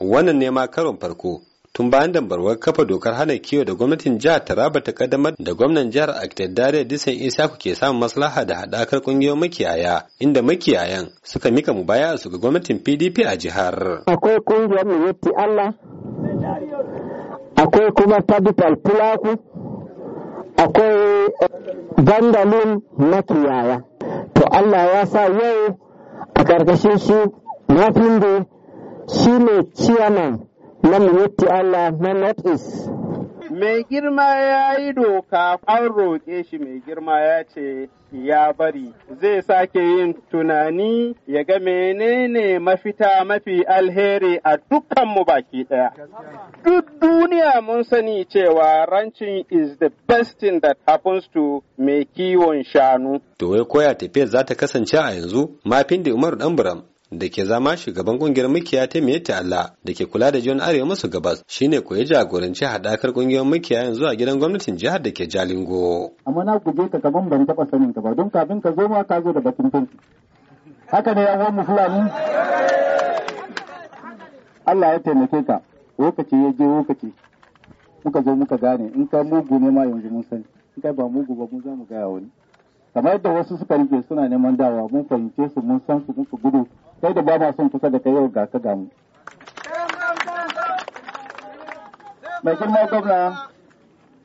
wannan ne ma karon farko tun bayan dambarwar kafa dokar hana kiwo da gwamnatin jihar Taraba ta ƙaddamar da gwamnan jihar Aktar Dare Disan ku ke samun maslaha da haɗakar ƙungiyoyin makiyaya inda makiyayan suka mika mu baya su ga gwamnatin PDP a jihar. Akwai ƙungiyar Miyetti Allah, akwai kuma Capital Pulaku, akwai dandalin eh, makiyaya. To Allah ya sa yau a ƙarƙashin su na shi ne ciyaman na Miyetti Allah na North Mai girma ya yi doka an roƙe shi mai girma ya ce ya bari zai sake yin tunani ya ga menene mafita mafi alheri a dukkanmu baki ɗaya. Duk duniya mun sani cewa rancin is the best thing that happens to mai kiwon shanu. To wai koya tafiyar za ta kasance a yanzu mafin da Umaru Ɗanburam da ke zama shugaban kungiyar makiya ta miyar Allah da ke kula da jihar arewa masu gabas shine ko ya jagoranci haɗakar kungiyar mukiya yanzu a gidan gwamnatin jihar da ke jalingo. amma na guje ka kaman ban taɓa sanin ka ba don kafin ka zo ma ka zo da bakin tanki haka ne yan mu fulani Allah ya taimake ka lokaci ya je lokaci muka zo muka gane in ka mugu ne ma yanzu mun sani in ka ba mugu ba mun za mu gaya wani. kamar yadda wasu suka rike suna neman dawa mun fahimce su mun san su muka gudu sai da ba ma son kusa da kai yau ga ka gamu mai girma gwamna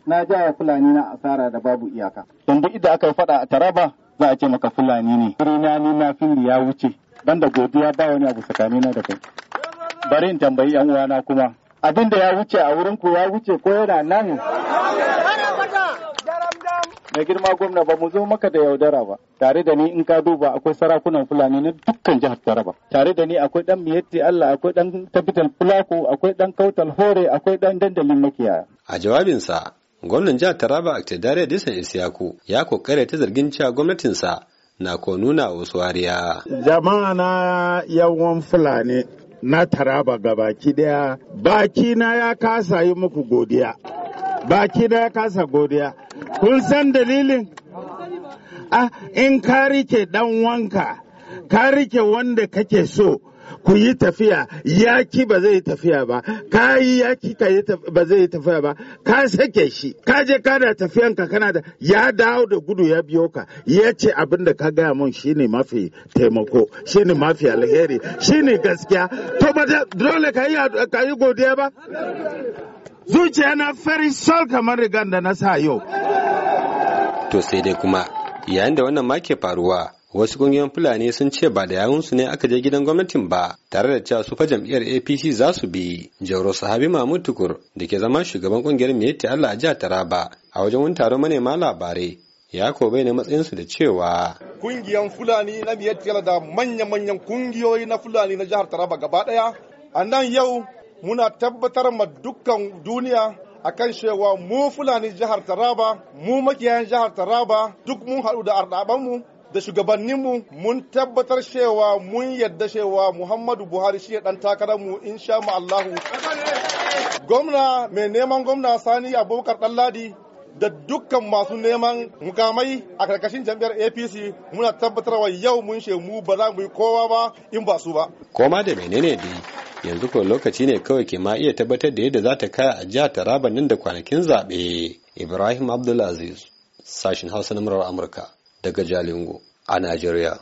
na jihar fulani na asara da babu iyaka don duk inda aka yi fada a taraba za a ce maka fulani ne rina ni na fili ya wuce dan da godiya ba wani abu na da kai bari in tambayi yan uwana kuma abin da ya wuce a wurin ku ya wuce ko yana nan mai girma gwamna ba mu zo maka da yaudara ba tare da ni in ka duba akwai sarakunan fulani na dukkan jihar taraba tare da ni akwai dan miyetti allah akwai dan tabital fulako akwai dan kautal hore akwai dan dandalin makiyaya a jawabinsa gwamnan jihar taraba aktidare disan isiyaku ya kokare ta zargin cewa sa, na ko nuna wasu wariya jama'a na yawan fulani na taraba gabaki daya baki na ya kasa yi muku godiya baki da ya kasa godiya kun san dalilin ah in ka rike dan wanka ka rike wanda kake so ku yi tafiya yaki ba zai tafiya ba ka yi yaki ka ba zai tafiya ba ka sake shi ka je ka da tafiyan ka kana da ya dawo da gudu ya biyo ka ya ce abin ka gaya mun shine mafi taimako shine mafi alheri shine gaskiya to ba dole ka yi godiya ba zuciya na fari sol kamar rigar da na sa yau to sai dai kuma yayin da wannan ma ke faruwa wasu kungiyoyin fulani sun ce ba da su ne aka je gidan gwamnatin ba tare da cewa su fa jam'iyyar apc za su bi jauro sahabi mahmud tukur da ke zama shugaban kungiyar miyetti allah a jihar taraba a wajen wani taron manema labarai ya ko bai ne su da cewa kungiyan fulani na miyetti da manya-manyan kungiyoyi na fulani na jihar taraba gaba daya a nan yau muna tabbatar ma dukkan duniya a kan shewa mu fulani jihar Taraba mu makiyayan jihar Taraba duk mun haɗu da arɗaɓanmu da shugabanninmu mun tabbatar cewa mun yadda cewa Muhammadu Buhari shi ɗan takararmu insha Allahu. Gwamna mai neman gwamna Sani Abubakar Ɗanladi da dukkan masu neman mukamai a karkashin jam'iyyar apc muna tabbatarwa yau mun mu ba za mu yi kowa ba in ba su ba koma da menene dai yanzu ko lokaci ne kawai ke ma iya tabbatar da yadda za ta kaya a jihar raba nan da kwanakin zaɓe ibrahim abdulaziz sashin hausa na murar amurka daga jalingo a najeriya